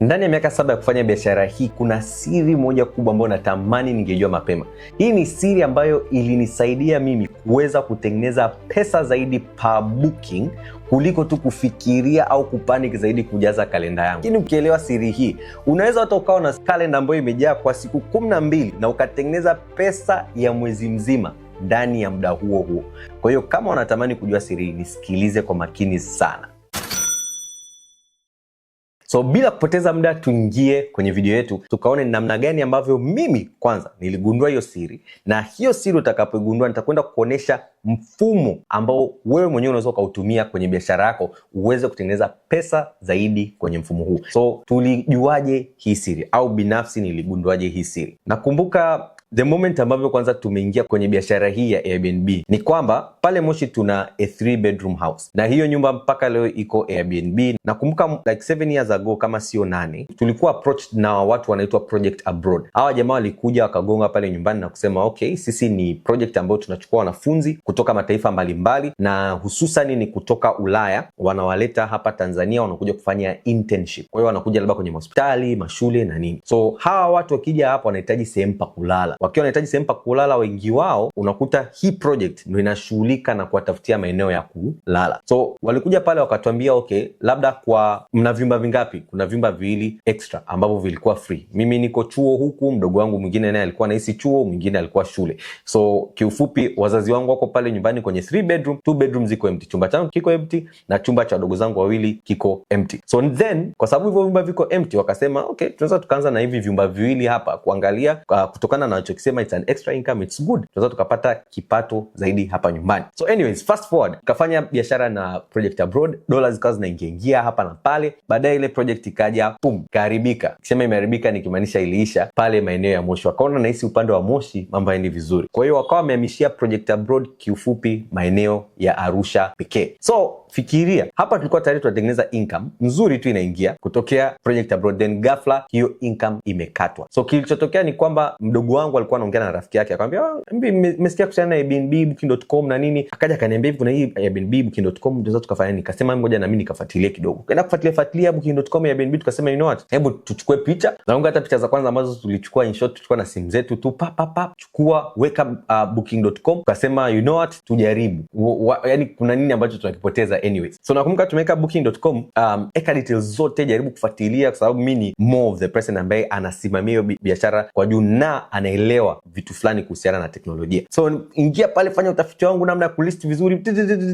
Ndani ya miaka saba ya kufanya biashara hii, kuna siri moja kubwa ambayo natamani ningejua mapema. Hii ni siri ambayo ilinisaidia mimi kuweza kutengeneza pesa zaidi pa booking kuliko tu kufikiria au kupanic zaidi kujaza kalenda yangu. Lakini ukielewa siri hii, unaweza hata ukawa na kalenda ambayo imejaa kwa siku kumi na mbili na ukatengeneza pesa ya mwezi mzima ndani ya muda huo huo. Kwa hiyo kama unatamani kujua siri hii, nisikilize kwa makini sana. So bila kupoteza muda, tuingie kwenye video yetu tukaone namna gani ambavyo mimi kwanza niligundua hiyo siri, na hiyo siri utakapoigundua, nitakwenda kuonyesha mfumo ambao wewe mwenyewe unaweza ukautumia kwenye biashara yako uweze kutengeneza pesa zaidi kwenye mfumo huu. So tulijuaje hii siri, au binafsi niligunduaje hii siri? Nakumbuka The moment ambavyo kwanza tumeingia kwenye biashara hii ya Airbnb ni kwamba pale Moshi tuna a three bedroom house na hiyo nyumba mpaka leo iko Airbnb. Nakumbuka like seven years ago kama sio nane, tulikuwa approached na watu wanaitwa Project Abroad. Hawa jamaa walikuja wakagonga pale nyumbani na kusema okay, sisi ni project ambayo tunachukua wanafunzi kutoka mataifa mbalimbali na hususani ni kutoka Ulaya, wanawaleta hapa Tanzania, wanakuja kufanya internship. Kwa hiyo wanakuja labda kwenye hospitali, mashule na nini. So hawa watu wakija hapa wanahitaji sehemu pa kulala wakiwa wanahitaji sehemu pa kulala, wengi wao unakuta hii project ndo inashughulika na kuwatafutia maeneo ya kulala. So walikuja pale wakatuambia okay, labda kwa mna vyumba vingapi? Kuna vyumba viwili extra ambavyo vilikuwa free. Mimi niko chuo huku, mdogo wangu mwingine naye alikuwa nahisi chuo, mwingine alikuwa shule. So kiufupi, wazazi wangu wako pale nyumbani kwenye three bedroom, two bedroom ziko empty, chumba changu kiko empty na chumba cha wadogo zangu wawili kiko empty. So then kwa sababu hivyo vyumba viko empty, wakasema okay, tunaweza tukaanza na hivi vyumba viwili hapa kuangalia uh, kutokana na tunachokisema it's an extra income it's good, tunaweza tukapata kipato zaidi hapa nyumbani. So anyways, fast forward, tukafanya biashara na project abroad, dollars zikawa zinaingiaingia hapa na pale. Baadaye ile project ikaja, pum, ikaharibika. Kisema imeharibika nikimaanisha iliisha pale maeneo ya Moshi, wakaona nahisi upande wa Moshi mambo yaendi vizuri, kwa hiyo wakawa wamehamishia project abroad, kiufupi maeneo ya Arusha pekee so Fikiria hapa tulikuwa tayari tunatengeneza income nzuri tu inaingia kutokea project abroad, then ghafla hiyo income imekatwa. So kilichotokea ni kwamba mdogo wangu alikuwa anaongea na rafiki yake akamwambia, oh, kuhusiana na Airbnb, booking.com na nini, akaja akaniambia hivi, kuna hii Airbnb, booking.com tunaweza tukafanya nini? Nikasema ngoja na mimi nikafuatilie kidogo, kaenda kufuatilia fuatilia booking.com ya Airbnb, tukasema you know what, hebu tuchukue picha na hata picha za kwanza ambazo tulichukua, in short na simu zetu tu, pa pa pa, chukua weka uh, booking.com, tukasema you know what, tujaribu yani kuna nini ambacho tunakipoteza fedha anyways. So nakumbuka tumeweka booking.com, um, eka details zote, jaribu kufuatilia kwa sababu mi ni more of the person ambaye anasimamia hiyo biashara kwa juu na anaelewa vitu fulani kuhusiana na teknolojia. So ingia pale, fanya utafiti wangu namna ya kulist vizuri,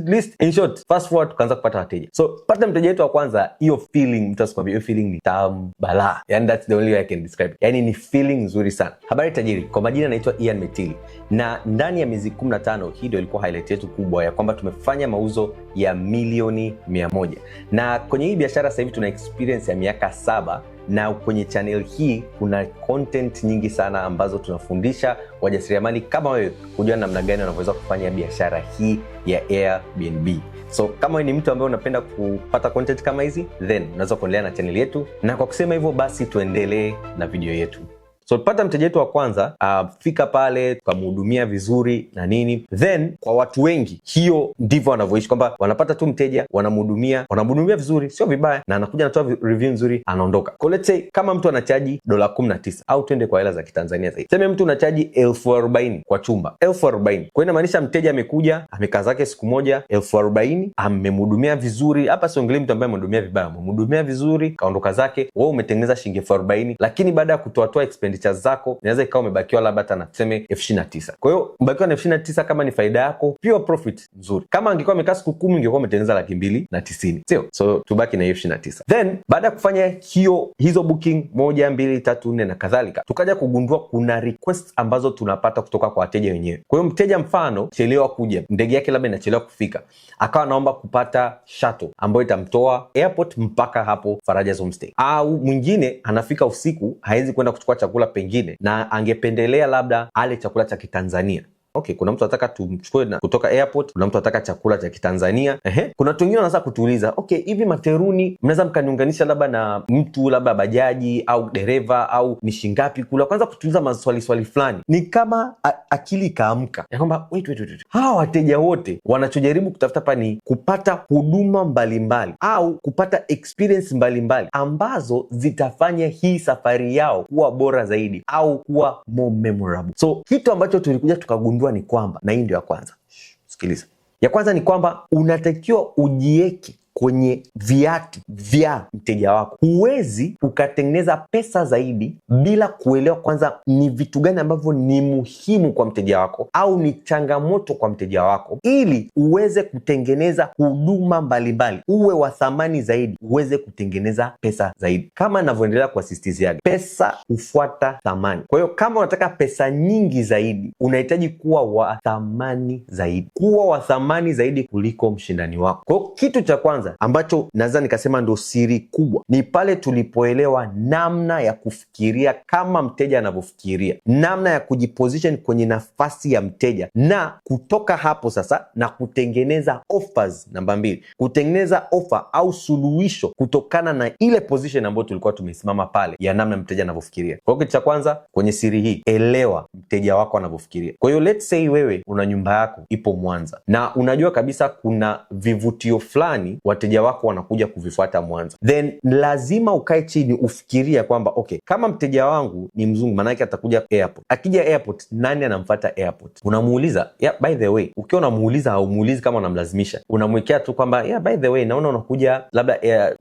list in short, fast forward, tukaanza kupata wateja. So pata mteja wetu wa kwanza, hiyo feeling, mtu asikwambia hiyo feeling ni tam bala yani that's the only way I can describe, yani ni feeling nzuri sana. Habari tajiri, kwa majina naitwa Ian Metili na ndani ya miezi 15 hii ndio ilikuwa highlight yetu kubwa ya kwamba tumefanya mauzo ya milioni mia moja. Na kwenye hii biashara sasa hivi tuna experience ya miaka saba na kwenye chanel hii kuna content nyingi sana ambazo tunafundisha wajasiriamali kama wewe kujua namna gani wanavyoweza kufanya biashara hii ya Airbnb. So kama wewe ni mtu ambaye unapenda kupata content kama hizi, then unaweza kuendelea na chanel yetu, na kwa kusema hivyo basi tuendelee na video yetu. So tupata mteja wetu wa kwanza afika uh, pale tukamhudumia vizuri na nini, then kwa watu wengi hiyo ndivyo wanavyoishi, kwamba wanapata tu mteja wanamhudumia, wanamhudumia vizuri, sio vibaya, na anakuja anatoa review nzuri, anaondoka. Kwa let's say kama mtu anachaji dola kumi na tisa au twende kwa hela za kitanzania zaidi, seme mtu unachaji elfu arobaini kwa chumba, elfu arobaini kwa inamaanisha mteja amekuja amekaa zake siku moja, elfu arobaini amemhudumia vizuri. Hapa siongelei mtu ambaye amehudumia vibaya, amemhudumia vizuri, kaondoka zake, wewe umetengeneza shilingi elfu arobaini lakini baada ya kutoatoa expense expenditure zako inaweza ikawa umebakiwa labda hata na tuseme elfu ishirini na tisa. Kwa hiyo umebakiwa na elfu ishirini na tisa, kama ni faida yako pure profit nzuri. Kama angekuwa amekaa siku kumi ingekuwa umetengeneza laki mbili na tisini, sio? So tubaki na elfu ishirini na tisa. Then baada ya kufanya hiyo hizo booking moja, mbili, tatu, nne na kadhalika, tukaja kugundua kuna request ambazo tunapata kutoka kwa wateja wenyewe. Kwa hiyo mteja mfano chelewa kuja, ndege yake labda inachelewa kufika, akawa anaomba kupata shuttle ambayo itamtoa airport mpaka hapo Faraja's Homestay, au mwingine anafika usiku, hawezi kwenda kuchukua chakula chakula pengine na angependelea labda ale chakula cha Kitanzania okay, kuna mtu anataka tumchukue kutoka airport, kuna mtu anataka chakula cha Kitanzania. Ehe, kuna watu wengine wanaweza kutuuliza okay, hivi materuni mnaweza mkaniunganisha labda na mtu labda bajaji au dereva au ni shingapi kula? Kwanza kutuuliza maswali swali fulani, ni kama akili ikaamka ya kwamba hawa wateja wote wanachojaribu kutafuta hapa ni kupata huduma mbalimbali au kupata experience mbalimbali ambazo zitafanya hii safari yao kuwa bora zaidi au kuwa more memorable. So kitu ambacho tulikuja tukagundua kujua ni kwamba, na hii ndio ya kwanza. sikiliza. Ya kwanza ni kwamba unatakiwa ujieke kwenye viati vya mteja wako. Huwezi ukatengeneza pesa zaidi bila kuelewa kwanza ni vitu gani ambavyo ni muhimu kwa mteja wako au ni changamoto kwa mteja wako, ili uweze kutengeneza huduma mbalimbali, uwe wa thamani zaidi, uweze kutengeneza pesa zaidi. Kama navyoendelea kuasistizia, pesa hufuata thamani. Kwa hiyo kama unataka pesa nyingi zaidi, unahitaji kuwa wa thamani zaidi, kuwa wa thamani zaidi kuliko mshindani wako. Kwa hiyo kitu cha kwanza kwanza ambacho naweza nikasema ndo siri kubwa ni pale tulipoelewa namna ya kufikiria kama mteja anavyofikiria, namna ya kujiposition kwenye nafasi ya mteja, na kutoka hapo sasa na kutengeneza offers. Namba mbili, kutengeneza offer au suluhisho kutokana na ile position ambayo tulikuwa tumesimama pale ya namna mteja anavyofikiria. Kwa hiyo kitu cha kwanza kwenye siri hii, elewa mteja wako anavyofikiria. Kwa hiyo let's say wewe una nyumba yako ipo Mwanza na unajua kabisa kuna vivutio fulani wateja wako wanakuja kuvifuata Mwanza, then lazima ukae chini ufikiria kwamba okay, kama mteja wangu ni mzungu, maanake atakuja airport. Akija airport, nani anamfuata airport? Unamuuliza yeah, by the way. Ukiwa unamuuliza haumuulizi kama unamlazimisha, unamwekea tu kwamba yeah, by the way, naona unakuja labda air,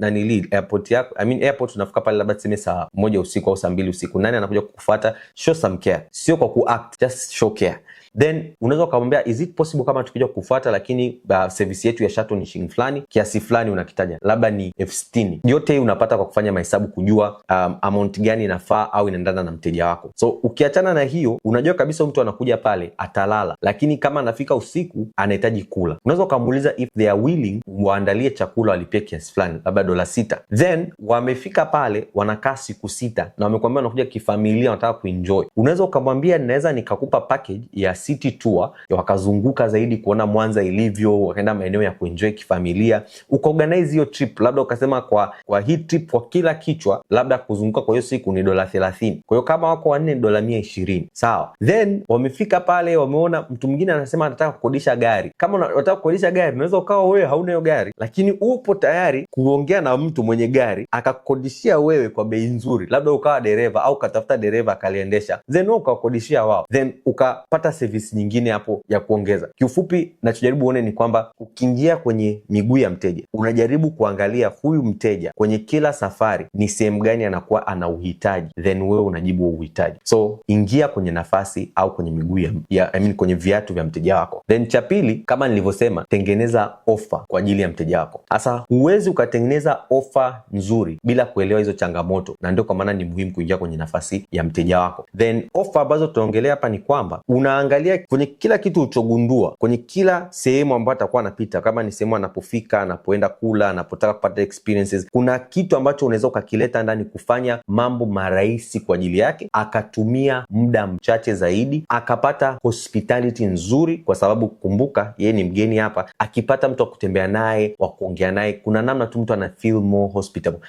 airport yako I mean airport unafika pale labda tuseme saa moja usiku au saa mbili usiku, nani anakuja kukufuata? Show some care, sio kwa kuact, just show care then unaweza ukamwambia is it possible kama tukija kufuata, lakini uh, service yetu ya shato ni shilingi fulani, kiasi fulani unakitaja labda ni elfu sitini. Yote hii unapata kwa kufanya mahesabu, kujua um, amount gani inafaa au inaendana na mteja wako. So ukiachana na hiyo, unajua kabisa mtu anakuja pale atalala, lakini kama anafika usiku anahitaji kula, unaweza ukamuuliza if they are willing waandalie chakula, walipie kiasi fulani, labda dola sita. Then wamefika pale, wanakaa siku sita na wamekwambia wanakuja kifamilia, wanataka kuenjoy, unaweza ukamwambia naweza nikakupa package ya city tour, wakazunguka zaidi kuona Mwanza ilivyo, wakaenda maeneo ya kuenjoy kifamilia. Ukaorganize hiyo trip, labda ukasema kwa kwa hii trip kwa kila kichwa labda kuzunguka kwa hiyo siku ni dola 30. Kwa hiyo kama wako wanne, dola 120. Sawa, then wamefika pale, wameona mtu mwingine anasema anataka kukodisha gari. Kama unataka kukodisha gari, unaweza ukawa wewe hauna hiyo gari, lakini upo tayari kuongea na mtu mwenye gari akakukodishia wewe kwa bei nzuri, labda ukawa dereva au ukatafuta dereva akaliendesha, then ukawakodishia wao, then ukapata service nyingine hapo ya kuongeza. Kiufupi, nachojaribu uone ni kwamba ukiingia kwenye miguu ya mteja, unajaribu kuangalia huyu mteja kwenye kila safari ni sehemu gani anakuwa ana uhitaji, then wewe unajibu uhitaji. So ingia kwenye nafasi au kwenye miguu ya, ya I mean, kwenye viatu vya mteja wako. Then cha pili, kama nilivyosema, tengeneza ofa kwa ajili ya mteja wako. Sasa huwezi ukatengeneza ofa nzuri bila kuelewa hizo changamoto, na ndio kwa maana ni muhimu kuingia kwenye nafasi ya mteja wako. Then ofa ambazo tunaongelea hapa ni kwamba unaangalia ukiangalia kwenye kila kitu uchogundua, kwenye kila sehemu ambayo atakuwa anapita, kama ni sehemu anapofika, anapoenda kula, anapotaka kupata experiences, kuna kitu ambacho unaweza ukakileta ndani kufanya mambo marahisi kwa ajili yake, akatumia muda mchache zaidi, akapata hospitality nzuri, kwa sababu kumbuka, yeye ni mgeni hapa. Akipata mtu wa kutembea naye, wa kuongea naye, kuna namna tu mtu ana feel more hospitable,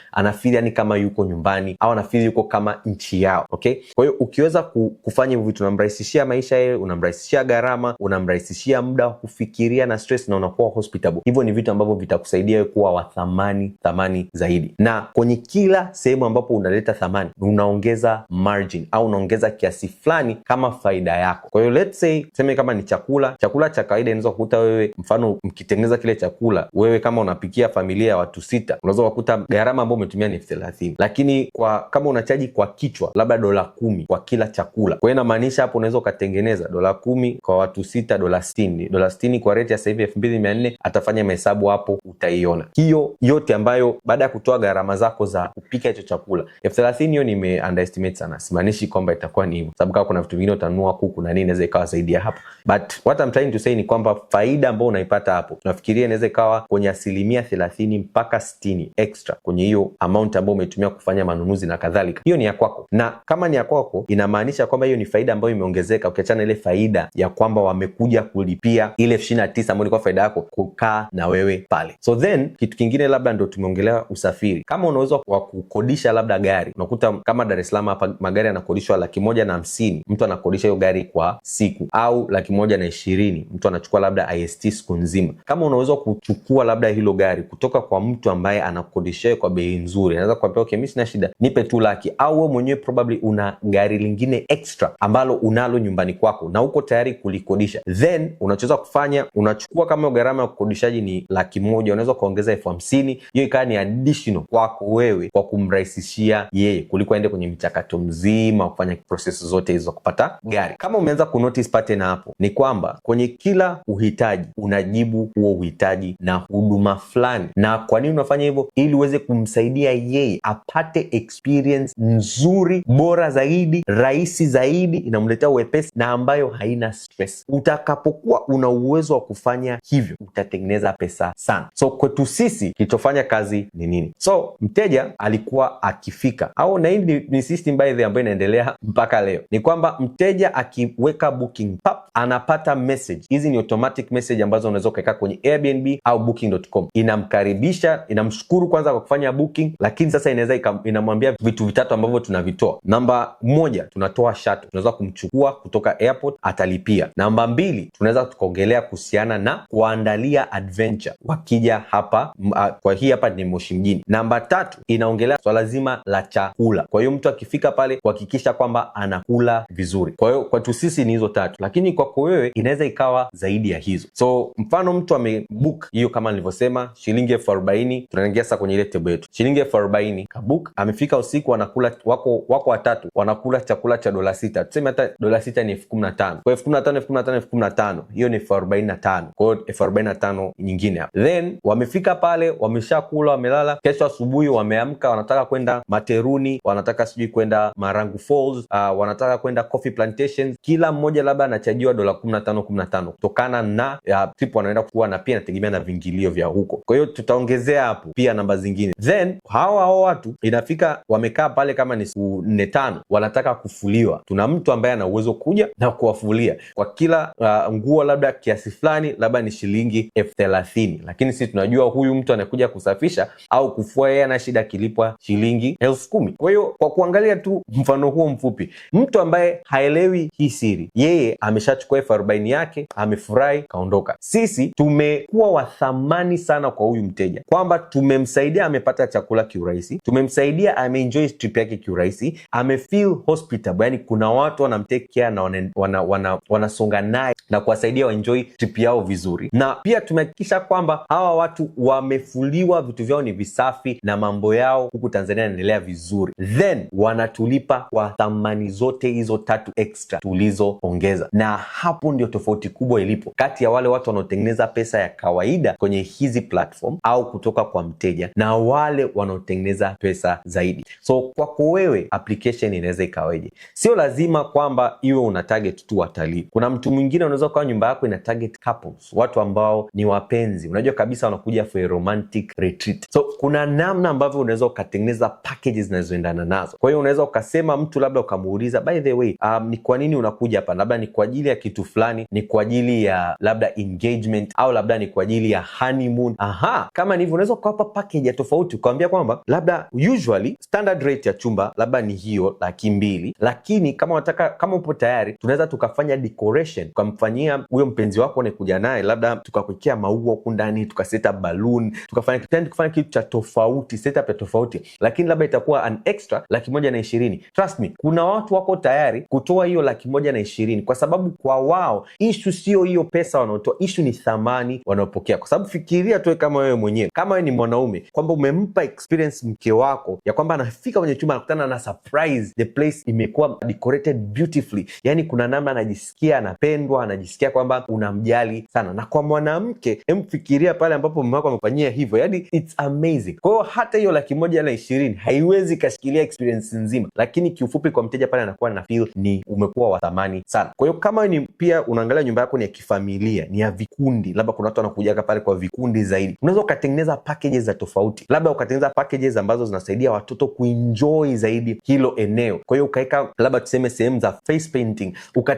yani kama yuko nyumbani au ana yuko kama nchi yao. Okay, kwa hiyo ukiweza kufanya hivyo vitu, unamrahisishia maisha yeye, unamrahisishia unamrahisishia gharama, unamrahisishia muda wa kufikiria na stress, na unakuwa hospitable. Hivyo ni vitu ambavyo vitakusaidia kuwa wa thamani thamani zaidi, na kwenye kila sehemu ambapo unaleta thamani unaongeza margin au unaongeza kiasi fulani kama faida yako. Kwa hiyo let's say, tuseme kama ni chakula, chakula cha kawaida inaweza kukuta wewe, mfano mkitengeneza kile chakula, wewe kama unapikia familia ya watu sita, unaweza kukuta gharama ambayo umetumia ni elfu thelathini, lakini kwa kama unachaji kwa kichwa labda dola kumi kwa kila chakula, kwa hiyo inamaanisha hapo unaweza ukatengeneza dola dola kumi kwa watu sita, dola sitini. Dola sitini kwa rate ya sasa hivi elfu mbili mia nne atafanya mahesabu hapo, utaiona hiyo yote, ambayo baada ya kutoa gharama zako za kupika hicho chakula elfu thelathini. Hiyo nime underestimate sana, simaanishi kwamba itakuwa ni hivo sababu kama kuna vitu vingine utanunua kuku na nini, inaweza ikawa zaidi ya hapo, but what I'm trying to say ni kwamba faida ambayo unaipata hapo tunafikiria inaweza ikawa kwenye asilimia thelathini mpaka sitini extra kwenye hiyo amount ambayo umetumia kufanya manunuzi na kadhalika. Hiyo ni ya kwako, na kama ni ya kwako inamaanisha kwamba hiyo ni faida ambayo imeongezeka ukiachana ile faida faida ya kwamba wamekuja kulipia ile elfu ishirini na tisa ambayo ilikuwa faida yako kukaa na wewe pale. So then kitu kingine labda ndo tumeongelea usafiri, kama unaweza wa kukodisha labda gari, unakuta kama Dar es Salaam hapa magari yanakodishwa laki moja na hamsini, mtu anakodisha hiyo gari kwa siku, au laki moja na ishirini, mtu anachukua labda ist siku nzima. Kama unaweza kuchukua labda hilo gari kutoka kwa mtu ambaye anakodisha kwa bei nzuri, anaweza kuambia okay, mimi sina shida, nipe tu laki, au wewe mwenyewe probably una gari lingine extra ambalo unalo nyumbani kwako na uko tayari kulikodisha, then unachoweza kufanya unachukua, kama gharama ya kukodishaji ni laki moja, unaweza kuongeza elfu hamsini, hiyo ikawa ni additional kwako wewe, kwa kumrahisishia yeye kuliko aende kwenye mchakato mzima wa kufanya proses zote hizo za kupata gari. Kama umeanza pate pattern hapo, ni kwamba kwenye kila uhitaji unajibu huo uhitaji na huduma fulani. Na kwa nini unafanya hivyo? Ili uweze kumsaidia yeye apate experience nzuri, bora zaidi, rahisi zaidi, inamletea uwepesi na ambayo haina stress. Utakapokuwa una uwezo wa kufanya hivyo, utatengeneza pesa sana. So kwetu sisi kilichofanya kazi ni nini? So mteja alikuwa akifika au, na hii ni system by the ambayo inaendelea mpaka leo, ni kwamba mteja akiweka booking pap, anapata message. Hizi ni automatic message ambazo unaweza ukaweka kwenye Airbnb au booking.com, inamkaribisha inamshukuru kwanza kwa kufanya booking, lakini sasa inaweza inamwambia vitu vitatu ambavyo tunavitoa. Namba moja, tunatoa shuttle, tunaweza kumchukua kutoka airport atalipia. Namba mbili, tunaweza tukaongelea kuhusiana na kuandalia adventure wakija hapa a, kwa hii hapa ni Moshi mjini. Namba tatu inaongelea swala zima la chakula, kwa hiyo mtu akifika pale kuhakikisha kwamba anakula vizuri. Kwa hiyo kwetu sisi ni hizo tatu, lakini kwako wewe inaweza ikawa zaidi ya hizo. So mfano mtu amebook hiyo kama nilivyosema shilingi elfu arobaini tunaingia sasa kwenye ile tebo yetu, shilingi elfu arobaini kabook, amefika usiku, wanakula wako wako watatu, wanakula chakula cha dola sita, tuseme hata dola sita ni elfu kumi na tano tano kwa elfu kumi na tano elfu kumi na tano elfu kumi na tano hiyo ni elfu arobaini na tano kwa hiyo elfu arobaini na tano nyingine hapo Then wamefika pale, wameshakula, wamelala. Kesho asubuhi wameamka, wanataka kwenda Materuni, wanataka sijui kwenda Marangu Falls, uh, wanataka kwenda Coffee Plantations. Kila mmoja labda anachajiwa dola kumi na tano kumi na tano kutokana na trip wanaenda kuwa, na pia inategemea na vingilio vya huko. Kwa hiyo tutaongezea hapo pia namba zingine. Then hawa hao watu inafika, wamekaa pale kama ni siku nne tano, wanataka kufuliwa. Tuna mtu ambaye ana uwezo kuja na kuwafulia kufulia kwa kila uh, nguo labda kiasi fulani, labda ni shilingi elfu thelathini, lakini sisi tunajua huyu mtu anakuja kusafisha au kufua, yeye ana shida akilipwa shilingi elfu kumi. Kwa hiyo kwa kuangalia tu mfano huo mfupi, mtu ambaye haelewi hii siri, yeye ameshachukua elfu arobaini yake, amefurahi, kaondoka. Sisi tumekuwa wa thamani sana kwa huyu mteja, kwamba tumemsaidia, amepata chakula kiurahisi, tumemsaidia, ameenjoy yake kiurahisi, amefeel hospitable, yani kuna watu wanamtekea na wana, wana, wana, wana, wanasonga naye na kuwasaidia waenjoi trip yao vizuri, na pia tumehakikisha kwamba hawa watu wamefuliwa, vitu vyao ni visafi na mambo yao huku Tanzania yanaendelea vizuri, then wanatulipa kwa thamani zote hizo tatu extra tulizoongeza, na hapo ndio tofauti kubwa ilipo kati ya wale watu wanaotengeneza pesa ya kawaida kwenye hizi platform au kutoka kwa mteja na wale wanaotengeneza pesa zaidi. So kwako wewe application inaweza ikaweje? Sio lazima kwamba iwe una target tu watalii. Kuna mtu mwingine unaweza ukawa nyumba yako ina target couples, watu ambao ni wapenzi, unajua kabisa wanakuja for a romantic retreat. So kuna namna ambavyo unaweza ukatengeneza packages zinazoendana nazo. Kwa hiyo unaweza ukasema mtu labda ukamuuliza, by the way, um, ni kwa nini unakuja hapa? Labda ni kwa ajili ya kitu fulani, ni kwa ajili ya labda engagement, au labda ni kwa ajili ya honeymoon. Aha, kama ni hivyo unaweza ukawapa package ya tofauti, ukawambia kwamba labda usually standard rate ya chumba labda ni hiyo laki mbili, lakini kama unataka, kama upo tayari tunaweza tuka ukafanya decoration, ukamfanyia huyo mpenzi wako nakuja naye, labda tukakwekea maua huku ndani, tuka set balloon, tukafanya tukafanya kitu cha tofauti, setup ya tofauti, lakini labda itakuwa an extra laki moja na ishirini. Trust me, kuna watu wako tayari kutoa hiyo laki moja na ishirini kwa sababu kwa wao ishu sio hiyo pesa wanaotoa, ishu ni thamani wanaopokea. Kwa sababu fikiria tu kama wewe mwenyewe, kama wewe ni mwanaume, kwamba umempa experience mke wako ya kwamba anafika kwenye chumba anakutana na surprise, the place imekuwa decorated beautifully, yani kuna namna anajisikia anapendwa, anajisikia kwamba unamjali sana. Na kwa mwanamke, hemfikiria pale ambapo mume wako amefanyia hivyo, yani it's amazing. Kwa hiyo hata hiyo laki moja na ishirini haiwezi ikashikilia experience nzima, lakini kiufupi, kwa mteja pale anakuwa na feel ni umekuwa wa thamani sana. Kwa hiyo kama ni pia unaangalia nyumba yako ni ya kifamilia, ni ya vikundi, labda kuna watu wanakujaga pale kwa vikundi zaidi, unaweza ukatengeneza packages za tofauti, labda ukatengeneza packages ambazo zinasaidia watoto kuenjoy zaidi hilo eneo. Kwa hiyo ukaweka labda tuseme sehemu za face painting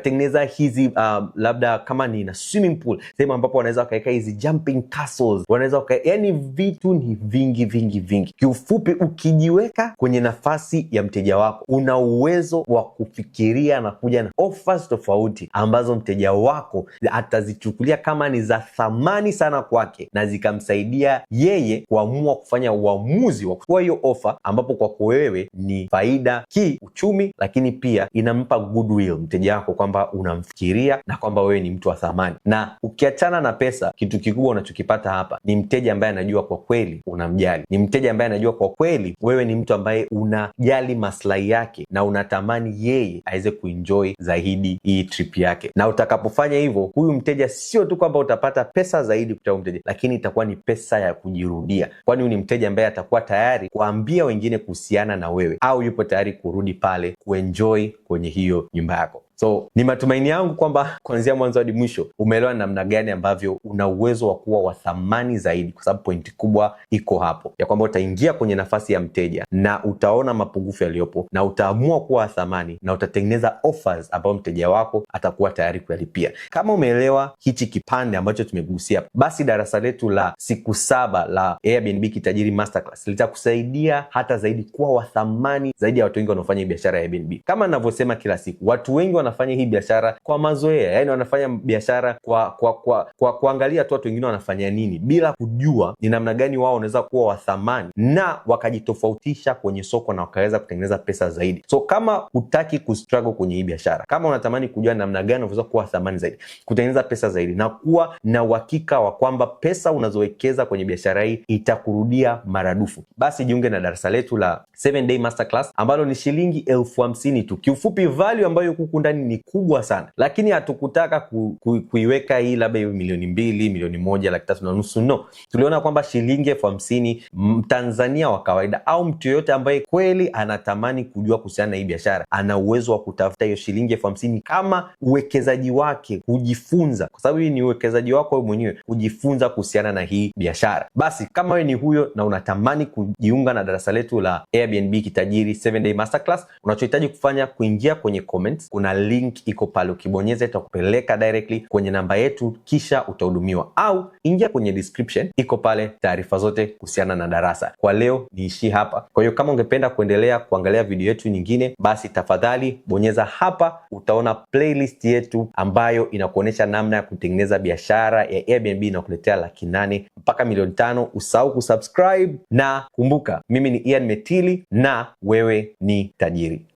wakatengeneza hizi um, labda kama ni na swimming pool, sehemu ambapo wanaweza wakaweka hizi jumping castles, wanaweza waka, yani vitu ni vingi vingi vingi. Kiufupi, ukijiweka kwenye nafasi ya mteja wako, una uwezo wa kufikiria na kuja na offers tofauti ambazo mteja wako atazichukulia kama ni za thamani sana kwake na zikamsaidia yeye kuamua kufanya uamuzi wa kuchukua hiyo offer, ambapo kwako wewe ni faida kiuchumi, lakini pia inampa goodwill mteja wako kwamba kwamba unamfikiria na kwamba wewe ni mtu wa thamani. Na ukiachana na pesa, kitu kikubwa unachokipata hapa ni mteja ambaye anajua kwa kweli unamjali, ni mteja ambaye anajua kwa kweli wewe ni mtu ambaye unajali maslahi yake na unatamani yeye aweze kuenjoy zaidi hii trip yake. Na utakapofanya hivyo, huyu mteja sio tu kwamba utapata pesa zaidi kutoka mteja, lakini itakuwa ni pesa ya kujirudia, kwani huyu ni mteja ambaye atakuwa tayari kuambia wengine kuhusiana na wewe, au yupo tayari kurudi pale kuenjoy kwenye hiyo nyumba yako. So ni matumaini yangu kwamba kuanzia mwanzo hadi mwisho umeelewa namna gani ambavyo una uwezo wa kuwa wa thamani zaidi, kwa sababu pointi kubwa iko hapo ya kwamba utaingia kwenye nafasi ya mteja na utaona mapungufu yaliyopo na utaamua kuwa wa thamani na utatengeneza offers ambayo mteja wako atakuwa tayari kuyalipia. Kama umeelewa hichi kipande ambacho tumegusia, basi darasa letu la siku saba la Airbnb Kitajiri Masterclass litakusaidia hata zaidi kuwa wa thamani zaidi ya watu wengi wanaofanya biashara ya Airbnb. Kama ninavyosema kila siku, watu wengi wanafanya hii biashara kwa mazoea, yani wanafanya biashara kwa kwa kwa, kwa kuangalia tu watu wengine wanafanya nini bila kujua ni namna gani wao wanaweza kuwa wa thamani na wakajitofautisha kwenye soko na wakaweza kutengeneza pesa zaidi. So kama hutaki kustruggle kwenye hii biashara, kama unatamani kujua namna gani unaweza kuwa thamani zaidi, kutengeneza pesa zaidi na kuwa na uhakika wa kwamba pesa unazowekeza kwenye biashara hii itakurudia maradufu, basi jiunge na darasa letu la 7 day masterclass ambalo ni shilingi elfu hamsini tu. Kiufupi value ambayo kuku ndani yani ni kubwa sana, lakini hatukutaka ku, ku, kuiweka hii labda iwe milioni mbili, milioni moja, laki tatu na nusu. No, tuliona kwamba shilingi elfu hamsini mtanzania wa kawaida au mtu yoyote ambaye kweli anatamani kujua kuhusiana na hii biashara ana uwezo wa kutafuta hiyo shilingi elfu hamsini kama uwekezaji wake, kujifunza, kwa sababu hii ni uwekezaji wako wewe mwenyewe kujifunza kuhusiana na hii biashara. Basi kama wewe ni huyo na unatamani kujiunga na darasa letu la Airbnb Kitajiri 7 Day Masterclass, unachohitaji kufanya kuingia kwenye comments, kuna link iko pale, ukibonyeza itakupeleka directly kwenye namba yetu, kisha utahudumiwa, au ingia kwenye description, iko pale taarifa zote kuhusiana na darasa. Kwa leo niishi hapa. Kwa hiyo kama ungependa kuendelea kuangalia video yetu nyingine, basi tafadhali bonyeza hapa, utaona playlist yetu ambayo inakuonyesha namna ya kutengeneza biashara ya Airbnb inakuletea laki nane mpaka milioni tano. Usahau kusubscribe na kumbuka, mimi ni Ian Metili na wewe ni tajiri.